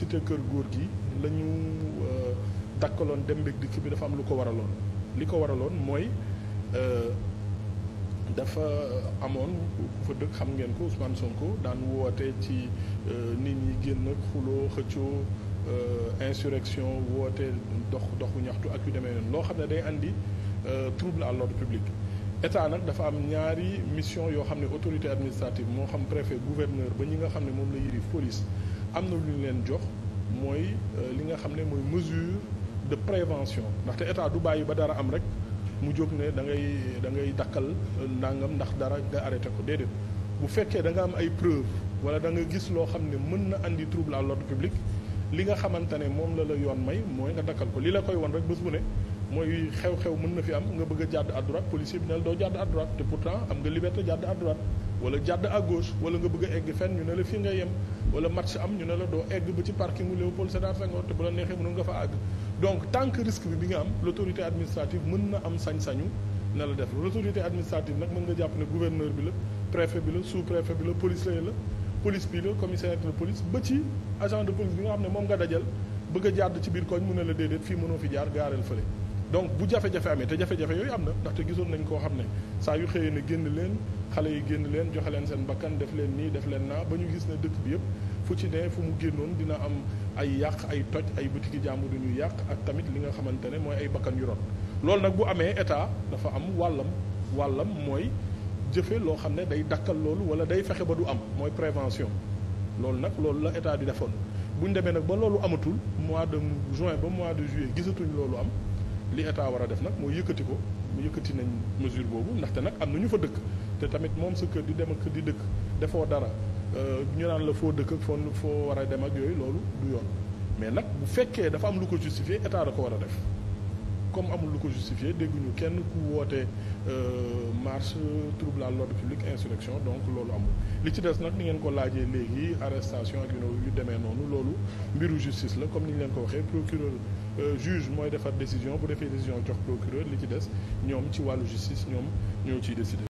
cité kër góor gi lañu ñu euh, dakkaloon dem beeg dikk bi dafa am lu ko waraloon li ko waraloon mooy euh, dafa amoon ku fa dëkk xam ngeen ko Ousmane Sonko daan woote ci euh, nit ñi génn xuloo xëccoo insurrection woote dox doxu ñaxtu ak yu demee noonu loo xam ne day andi trouble à l'ordre publique état nag dafa am ñaari mission yoo xam ne autorité administrative moo xam préfet gouverneur ba ñi nga xam ne moom la yiri police am na lu ñu leen jox mooy euh, li nga xam ne mooy mesure de prévention ndaxte état du bàyyi ba dara am rek mu jóg ne da ngay da ngay dakkal euh, ndàngam ndax dara nga arrêté ko déedéet bu fekkee da nga am ay preuve wala da nga gis loo xam ne mën na andi trouble à l'ordre public li nga xamante ne moom la la yoon may mooy nga dakkal ko li la koy won rek bés bu ne mooy xew-xew mën na fi am nga bëgg a jàdd à droite policier bi ne doo jàdd à droite te pourtant am nga liberté jàdd à wala jàdd à gauche wala nga bëgg a egg fenn ñu ne la fii nga yem wala match am ñu ne la doo egg ba ci parkingu Léopold Sédar Senghor te bu la neexee mënu nga fa àgg donc tant que risque bi bi nga am l' autorité mën na am sañ-sañu na la def l' autorité administrative nag mën nga jàpp ne gouverneur bi la préfet bi la sous préfet bi la police lay la police bi la commissaire de police ba ci agent de police bi nga xam ne moom nga dajal bëgg a ci biir koñ mu ne la déedéet fii mënoo fi jaar gaareel fële donc bu jafe-jafe amee te jafe-jafe yooyu am na ndaxte gisoon nañ koo xam ne saa yu xëyee na génn leen xale yi génn leen joxe leen seen bakkan def leen nii def leen naa ba ñu gis ne dëkk bi yëpp fu ci ne fu mu génnoon dina am ay yàq ay toj ay boutique yi jàmbur yu ñuy yàq ak tamit li nga xamante ne mooy ay bakkan yu rot loolu nag bu amee état dafa am wàllam wàllam mooy jëfe loo xam ne day dakkal loolu wala day fexe ba du am mooy prévention loolu nag loolu la état bi defoon bu ñu demee nag ba loolu amatul mois de juin ba mois de juillet gisatuñ loolu am li état war a def nag mooy yëkkati ko mu yëkkati nañ mesure boobu ndaxte nag am na ñu fa dëkk te tamit moom sa kër di dem ak di dëkk defoo dara euh, ñu naan la foo dëkk ak foo foo war a dem ak yooyu loolu du yoon mais nag bu fekkee dafa am lu ko justifier état da ko war a def comme amul lu ko justifié dégguñu kenn ku woote euh, marche trouble à l'ordre public insurrection donc loolu amul li ci des nag ni ngeen ko laajee léegi arrestation ak yu demee noonu loolu mbiru justice la comme ni ñu leen ko waxee procureur euh, juge mooy defar décision bu defee décision jox procureur li ci des ñoom ci wàllu justice ñoom ñoo ciy décider.